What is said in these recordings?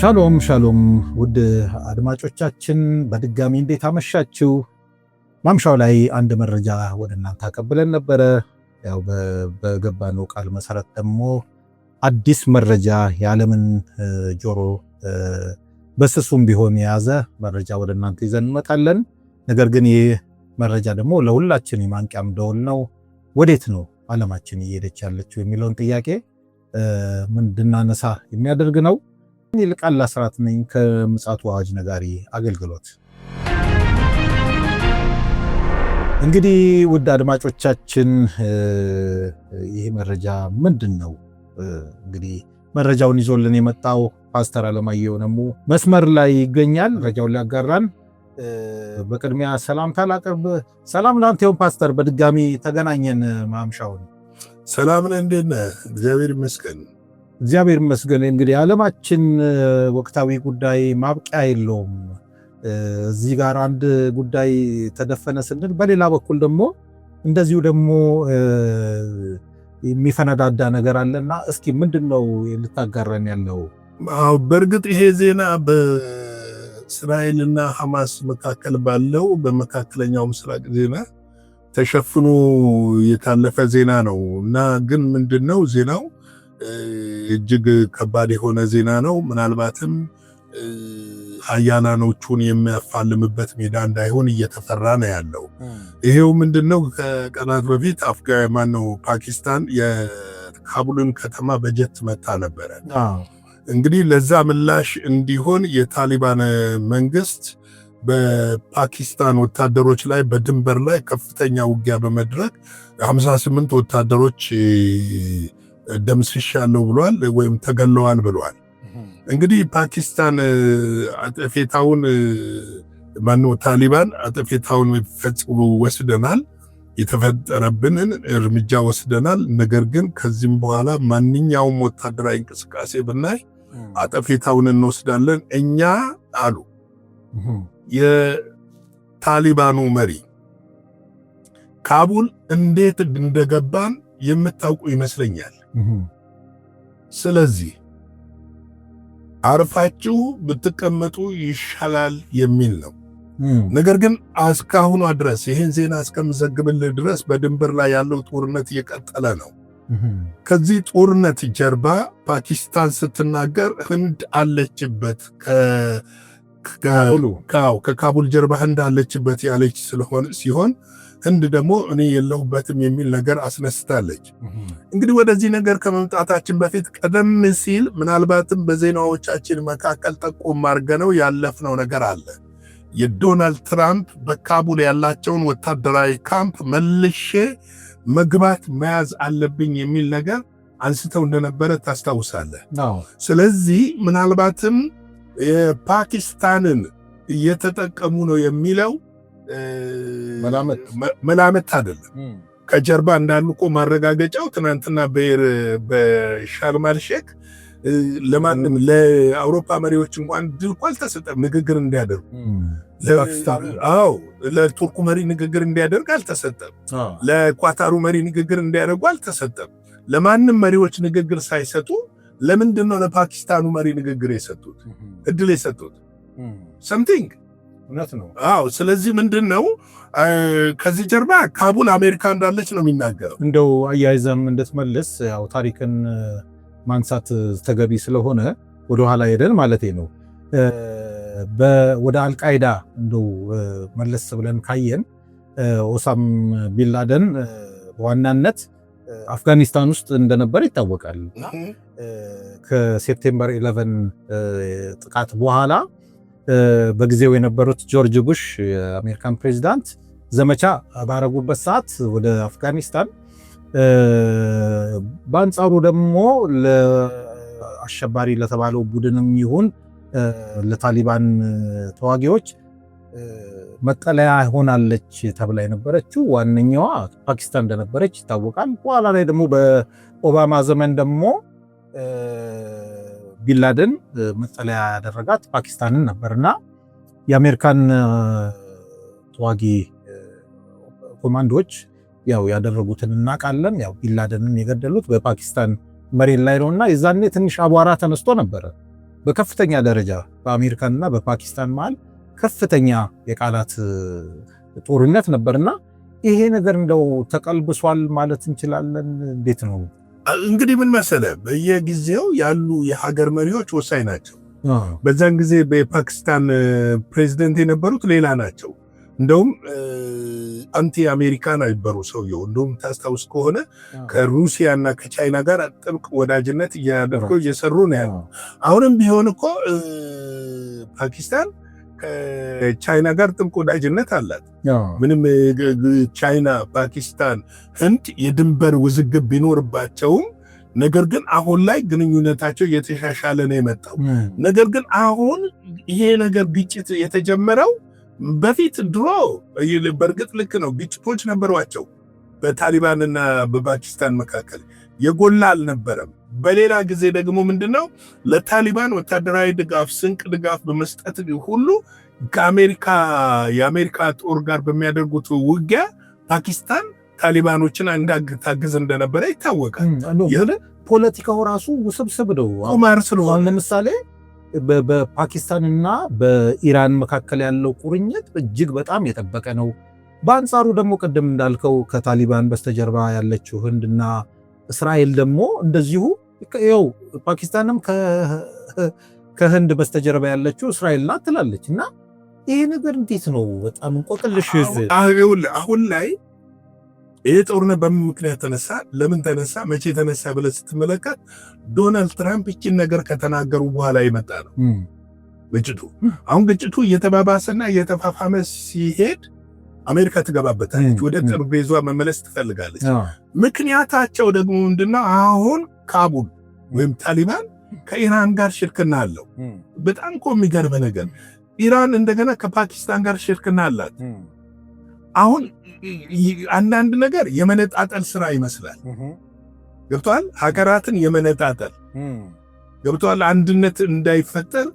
ሻሎም ሻሎም ውድ አድማጮቻችን በድጋሚ እንዴት አመሻችሁ? ማምሻው ላይ አንድ መረጃ ወደ እናንተ አቀብለን ነበረ። ያው በገባነው ቃል መሰረት ደግሞ አዲስ መረጃ የዓለምን ጆሮ በስሱም ቢሆን የያዘ መረጃ ወደ እናንተ ይዘን እንመጣለን። ነገር ግን ይህ መረጃ ደግሞ ለሁላችን የማንቂያም ደወል ነው። ወዴት ነው ዓለማችን እየሄደች ያለችው የሚለውን ጥያቄ ምንድናነሳ የሚያደርግ ነው። ይልቃል አስራት ነኝ ከምፅዓቱ አዋጅ ነጋሪ አገልግሎት። እንግዲህ ውድ አድማጮቻችን ይሄ መረጃ ምንድን ነው? እንግዲህ መረጃውን ይዞልን የመጣው ፓስተር አለማየሁ ነሙ መስመር ላይ ይገኛል። መረጃውን ሊያጋራን በቅድሚያ ሰላምታ ላቅርብ። ሰላም ላንተ ይሁን ፓስተር፣ በድጋሚ ተገናኘን ማምሻውን። ሰላምን እንዴት ነህ? እግዚአብሔር ይመስገን። እግዚአብሔር ይመስገን እንግዲህ የዓለማችን ወቅታዊ ጉዳይ ማብቂያ የለውም። እዚህ ጋር አንድ ጉዳይ ተደፈነ ስንል በሌላ በኩል ደግሞ እንደዚሁ ደግሞ የሚፈነዳዳ ነገር አለና እስኪ ምንድን ነው ልታጋራን ያለው? አዎ በእርግጥ ይሄ ዜና በእስራኤልና ሐማስ መካከል ባለው በመካከለኛው ምስራቅ ዜና ተሸፍኖ የታለፈ ዜና ነው እና ግን ምንድን ነው ዜናው እጅግ ከባድ የሆነ ዜና ነው። ምናልባትም አያናኖቹን የሚያፋልምበት ሜዳ እንዳይሆን እየተፈራ ነው ያለው። ይሄው ምንድን ነው ከቀናት በፊት አፍጋ ማን ነው ፓኪስታን የካቡልን ከተማ በጀት መታ ነበረ። እንግዲህ ለዛ ምላሽ እንዲሆን የታሊባን መንግስት በፓኪስታን ወታደሮች ላይ በድንበር ላይ ከፍተኛ ውጊያ በመድረግ 58 ወታደሮች ደምስሻለሁ ብሏል ወይም ተገለዋል ብሏል። እንግዲህ ፓኪስታን አጠፌታውን ማነው ታሊባን አጠፌታውን ፈጽሞ ወስደናል፣ የተፈጠረብንን እርምጃ ወስደናል። ነገር ግን ከዚህም በኋላ ማንኛውም ወታደራዊ እንቅስቃሴ ብናይ አጠፌታውን እንወስዳለን እኛ አሉ የታሊባኑ መሪ። ካቡል እንዴት እንደገባን የምታውቁ ይመስለኛል። ስለዚህ አርፋችሁ ብትቀመጡ ይሻላል የሚል ነው። ነገር ግን እስካሁኗ ድረስ ይህን ዜና እስከምዘግብልህ ድረስ በድንበር ላይ ያለው ጦርነት እየቀጠለ ነው። ከዚህ ጦርነት ጀርባ ፓኪስታን ስትናገር ህንድ አለችበት ከካቡል ጀርባ ህንድ አለችበት ያለች ሲሆን ህንድ ደግሞ እኔ የለሁበትም የሚል ነገር አስነስታለች። እንግዲህ ወደዚህ ነገር ከመምጣታችን በፊት ቀደም ሲል ምናልባትም በዜናዎቻችን መካከል ጠቆም አድርገነው ያለፍነው ነገር አለ። የዶናልድ ትራምፕ በካቡል ያላቸውን ወታደራዊ ካምፕ መልሼ መግባት መያዝ አለብኝ የሚል ነገር አንስተው እንደነበረ ታስታውሳለህ። ስለዚህ ምናልባትም የፓኪስታንን እየተጠቀሙ ነው የሚለው መላመት አይደለም። ከጀርባ እንዳሉ እኮ ማረጋገጫው ትናንትና በሻርማል ሼክ ለማንም ለአውሮፓ መሪዎች እንኳን ድል እኮ አልተሰጠም፣ ንግግር እንዲያደርጉ አዎ፣ ለቱርኩ መሪ ንግግር እንዲያደርግ አልተሰጠም። ለኳታሩ መሪ ንግግር እንዲያደርጉ አልተሰጠም። ለማንም መሪዎች ንግግር ሳይሰጡ ለምንድን ነው ለፓኪስታኑ መሪ ንግግር የሰጡት እድል የሰጡት? ሰምቲንግ አዎ። ስለዚህ ምንድን ነው ከዚህ ጀርባ ካቡል አሜሪካ እንዳለች ነው የሚናገረው። እንደው አያይዘም እንድትመልስ ያው ታሪክን ማንሳት ተገቢ ስለሆነ ወደኋላ ሄደን ማለት ነው ወደ አልቃይዳ እንደው መለስ ብለን ካየን ኦሳም ቢንላደን በዋናነት አፍጋኒስታን ውስጥ እንደነበር ይታወቃል። ከሴፕቴምበር 11 ጥቃት በኋላ በጊዜው የነበሩት ጆርጅ ቡሽ የአሜሪካን ፕሬዚዳንት ዘመቻ ባረጉበት ሰዓት ወደ አፍጋኒስታን፣ በአንጻሩ ደግሞ ለአሸባሪ ለተባለው ቡድንም ይሁን ለታሊባን ተዋጊዎች መጠለያ ሆናለች ተብላ የነበረችው ዋነኛዋ ፓኪስታን እንደነበረች ይታወቃል። በኋላ ላይ ደግሞ በኦባማ ዘመን ደግሞ ቢንላደን መጠለያ ያደረጋት ፓኪስታንን ነበር እና የአሜሪካን ተዋጊ ኮማንዶዎች ያው ያደረጉትን እናውቃለን። ያው ቢንላደንን የገደሉት በፓኪስታን መሬት ላይ ነው እና የዛኔ ትንሽ አቧራ ተነስቶ ነበረ። በከፍተኛ ደረጃ በአሜሪካንና በፓኪስታን መሃል ከፍተኛ የቃላት ጦርነት ነበርና ይሄ ነገር እንደው ተቀልብሷል ማለት እንችላለን። እንዴት ነው? እንግዲህ ምን መሰለ፣ በየጊዜው ያሉ የሀገር መሪዎች ወሳኝ ናቸው። በዛን ጊዜ በፓኪስታን ፕሬዚደንት የነበሩት ሌላ ናቸው። እንደውም አንቲ አሜሪካን አይበሩ ሰውየው። እንደውም ታስታውስ ከሆነ ከሩሲያ እና ከቻይና ጋር ጥብቅ ወዳጅነት እያደረገው እየሰሩ ነው ያሉ። አሁንም ቢሆን እኮ ፓኪስታን ከቻይና ጋር ጥብቅ ወዳጅነት አላት። ምንም ቻይና፣ ፓኪስታን፣ ህንድ የድንበር ውዝግብ ቢኖርባቸውም ነገር ግን አሁን ላይ ግንኙነታቸው እየተሻሻለ ነው የመጣው። ነገር ግን አሁን ይሄ ነገር ግጭት የተጀመረው በፊት ድሮ በእርግጥ ልክ ነው ግጭቶች ነበሯቸው በታሊባንና በፓኪስታን መካከል የጎላ አልነበረም። በሌላ ጊዜ ደግሞ ምንድነው ለታሊባን ወታደራዊ ድጋፍ ስንቅ ድጋፍ በመስጠት ሁሉ ከአሜሪካ የአሜሪካ ጦር ጋር በሚያደርጉት ውጊያ ፓኪስታን ታሊባኖችን እንዳታግዝ እንደነበረ ይታወቃል። ፖለቲካው ራሱ ውስብስብ ነው። ኦማር ስለሆነ ለምሳሌ በፓኪስታንና በኢራን መካከል ያለው ቁርኝት እጅግ በጣም የጠበቀ ነው። በአንጻሩ ደግሞ ቅድም እንዳልከው ከታሊባን በስተጀርባ ያለችው ህንድና እስራኤል ደግሞ እንደዚሁ ው ፓኪስታንም ከህንድ በስተጀርባ ያለችው እስራኤል ናት ትላለች። እና ይሄ ነገር እንዴት ነው? በጣም እንቆቅልሽ። አሁን ላይ ይህ ጦርነት በምን ምክንያት ተነሳ፣ ለምን ተነሳ፣ መቼ ተነሳ ብለ ስትመለከት ዶናልድ ትራምፕ ይችን ነገር ከተናገሩ በኋላ ይመጣ ነው ግጭቱ። አሁን ግጭቱ እየተባባሰና እየተፋፋመ ሲሄድ አሜሪካ ትገባበታለች። ወደ ጠረጴዟ መመለስ ትፈልጋለች። ምክንያታቸው ደግሞ ምንድነው? አሁን ካቡል ወይም ታሊባን ከኢራን ጋር ሽርክና አለው። በጣም እኮ የሚገርም ነገር ኢራን እንደገና ከፓኪስታን ጋር ሽርክና አላት። አሁን አንዳንድ ነገር የመነጣጠል ስራ ይመስላል። ገብቷል። ሀገራትን የመነጣጠል ገብቷል። አንድነት እንዳይፈጠር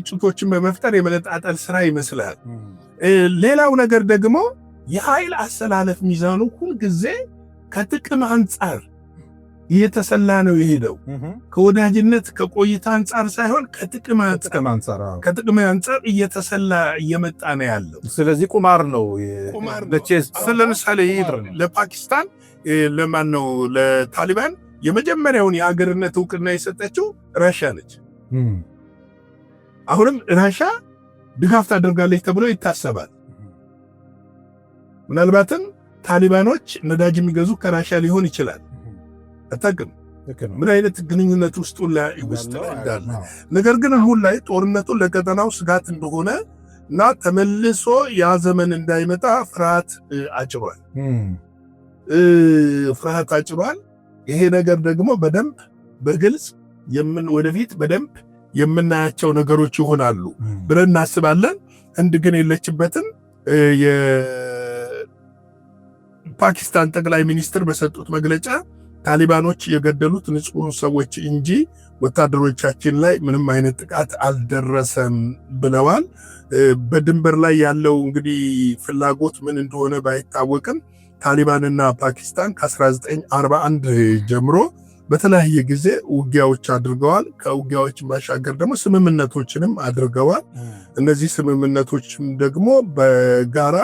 ግጭቶችን በመፍጠር የመነጣጠል ስራ ይመስላል። ሌላው ነገር ደግሞ የኃይል አሰላለፍ ሚዛኑ ሁልጊዜ ከጥቅም አንጻር እየተሰላ ነው የሄደው። ከወዳጅነት ከቆይታ አንጻር ሳይሆን ከጥቅም ከጥቅም አንጻር እየተሰላ እየመጣ ነው ያለው። ስለዚህ ቁማር ነው። ለምሳሌ ለፓኪስታን ለማን ነው ለታሊባን የመጀመሪያውን የአገርነት እውቅና የሰጠችው ራሻ ነች። አሁንም ራሻ ድጋፍ ታደርጋለች ተብሎ ይታሰባል። ምናልባትም ታሊባኖች ነዳጅ የሚገዙ ከራሻ ሊሆን ይችላል። አታውቅም ምን አይነት ግንኙነት ውስጡ ውስጥ እንዳለ። ነገር ግን አሁን ላይ ጦርነቱ ለቀጠናው ስጋት እንደሆነ እና ተመልሶ ያ ዘመን እንዳይመጣ ፍርሃት አጭሯል ፍርሃት አጭሯል። ይሄ ነገር ደግሞ በደንብ በግልጽ ወደፊት በደንብ የምናያቸው ነገሮች ይሆናሉ ብለን እናስባለን። ህንድ ግን የለችበትም። የፓኪስታን ጠቅላይ ሚኒስትር በሰጡት መግለጫ ታሊባኖች የገደሉት ንጹህ ሰዎች እንጂ ወታደሮቻችን ላይ ምንም አይነት ጥቃት አልደረሰም ብለዋል። በድንበር ላይ ያለው እንግዲህ ፍላጎት ምን እንደሆነ ባይታወቅም ታሊባንና ፓኪስታን ከ1941 ጀምሮ በተለያየ ጊዜ ውጊያዎች አድርገዋል። ከውጊያዎች ባሻገር ደግሞ ስምምነቶችንም አድርገዋል። እነዚህ ስምምነቶችም ደግሞ በጋራ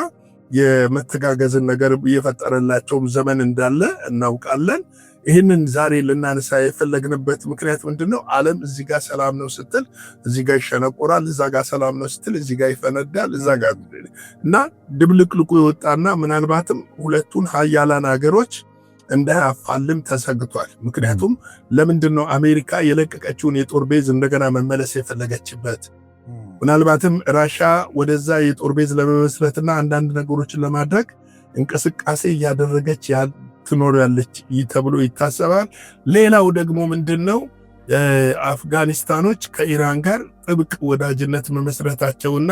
የመተጋገዝን ነገር እየፈጠረላቸውም ዘመን እንዳለ እናውቃለን። ይህንን ዛሬ ልናነሳ የፈለግንበት ምክንያት ምንድን ነው? ዓለም እዚህ ጋር ሰላም ነው ስትል እዚህ ጋር ይሸነቆራል፣ እዛ ጋር ሰላም ነው ስትል እዚህ ጋር ይፈነዳል፣ እዛ ጋር እና ድብልቅልቁ የወጣና ምናልባትም ሁለቱን ሀያላን ሀገሮች እንዳያፋልም ተሰግቷል። ምክንያቱም ለምንድን ነው አሜሪካ የለቀቀችውን የጦር ቤዝ እንደገና መመለስ የፈለገችበት? ምናልባትም ራሻ ወደዛ የጦር ቤዝ ለመመስረትና አንዳንድ ነገሮችን ለማድረግ እንቅስቃሴ እያደረገች ትኖራለች ተብሎ ይታሰባል። ሌላው ደግሞ ምንድን ነው አፍጋኒስታኖች ከኢራን ጋር ጥብቅ ወዳጅነት መመስረታቸውና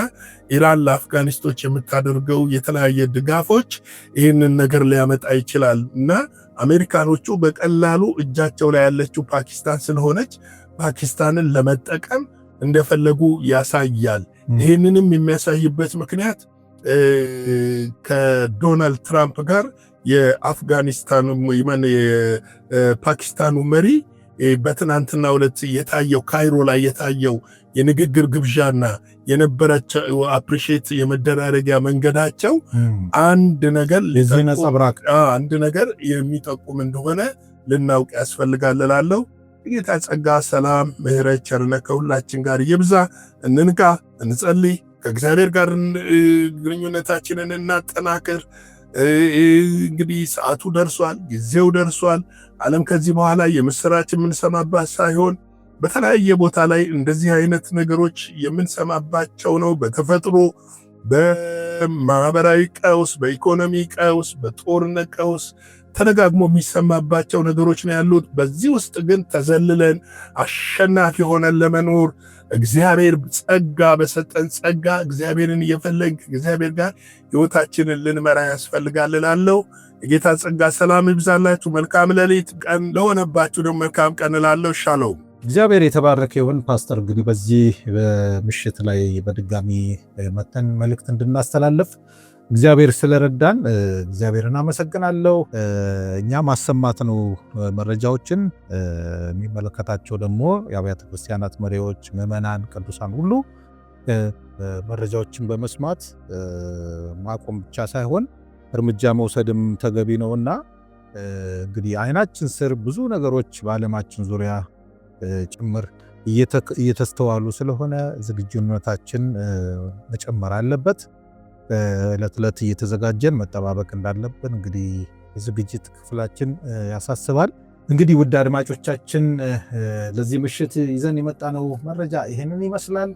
ኢራን ለአፍጋኒስቶች የምታደርገው የተለያየ ድጋፎች ይህንን ነገር ሊያመጣ ይችላል እና አሜሪካኖቹ በቀላሉ እጃቸው ላይ ያለችው ፓኪስታን ስለሆነች ፓኪስታንን ለመጠቀም እንደፈለጉ ያሳያል። ይህንንም የሚያሳይበት ምክንያት ከዶናልድ ትራምፕ ጋር የአፍጋኒስታኑ የፓኪስታኑ መሪ በትናንትና ሁለት የታየው ካይሮ ላይ የታየው የንግግር ግብዣና የነበራቸው አፕሪሼት የመደራረጊያ መንገዳቸው አንድ ነገር አንድ ነገር የሚጠቁም እንደሆነ ልናውቅ ያስፈልጋል እላለሁ። ጌታ ጸጋ፣ ሰላም፣ ምሕረት፣ ቸርነት ከሁላችን ጋር ይብዛ። እንንቃ፣ እንጸልይ፣ ከእግዚአብሔር ጋር ግንኙነታችንን እናጠናክር። እንግዲህ ሰዓቱ ደርሷል፣ ጊዜው ደርሷል። ዓለም ከዚህ በኋላ የምስራች የምንሰማባት ሳይሆን በተለያየ ቦታ ላይ እንደዚህ አይነት ነገሮች የምንሰማባቸው ነው። በተፈጥሮ በማህበራዊ ቀውስ፣ በኢኮኖሚ ቀውስ፣ በጦርነት ቀውስ ተደጋግሞ የሚሰማባቸው ነገሮች ነው ያሉት። በዚህ ውስጥ ግን ተዘልለን አሸናፊ ሆነን ለመኖር እግዚአብሔር ጸጋ በሰጠን ጸጋ እግዚአብሔርን እየፈለግ እግዚአብሔር ጋር ህይወታችንን ልንመራ ያስፈልጋል እላለሁ። የጌታ ጸጋ ሰላም ይብዛላችሁ። መልካም ሌሊት ቀን ለሆነባችሁ ደግሞ መልካም ቀን እላለሁ። ሻሎም እግዚአብሔር የተባረከ ይሁን። ፓስተር እንግዲህ በዚህ ምሽት ላይ በድጋሚ መተን መልእክት እንድናስተላልፍ እግዚአብሔር ስለረዳን እግዚአብሔርን አመሰግናለሁ። እኛ ማሰማት ነው መረጃዎችን የሚመለከታቸው ደግሞ የአብያተ ክርስቲያናት መሪዎች፣ ምዕመናን፣ ቅዱሳን ሁሉ መረጃዎችን በመስማት ማቆም ብቻ ሳይሆን እርምጃ መውሰድም ተገቢ ነውና እንግዲህ አይናችን ስር ብዙ ነገሮች በዓለማችን ዙሪያ ጭምር እየተስተዋሉ ስለሆነ ዝግጁነታችን መጨመር አለበት። እለት እለት እየተዘጋጀን መጠባበቅ እንዳለብን እንግዲህ የዝግጅት ክፍላችን ያሳስባል። እንግዲህ ውድ አድማጮቻችን ለዚህ ምሽት ይዘን የመጣነው መረጃ ይህንን ይመስላል።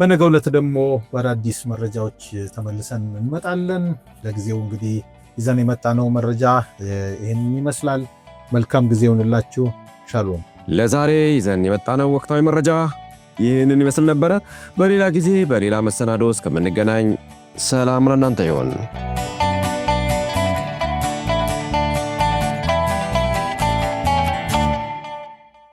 በነገው ዕለት ደግሞ በአዳዲስ መረጃዎች ተመልሰን እንመጣለን። ለጊዜው እንግዲህ ይዘን የመጣነው መረጃ ይህንን ይመስላል። መልካም ጊዜ ይሁንላችሁ። ሻሎም ለዛሬ ይዘን የመጣነው ወቅታዊ መረጃ ይህንን ይመስል ነበረ። በሌላ ጊዜ በሌላ መሰናዶ እስከምንገናኝ ሰላም ለእናንተ ይሆን።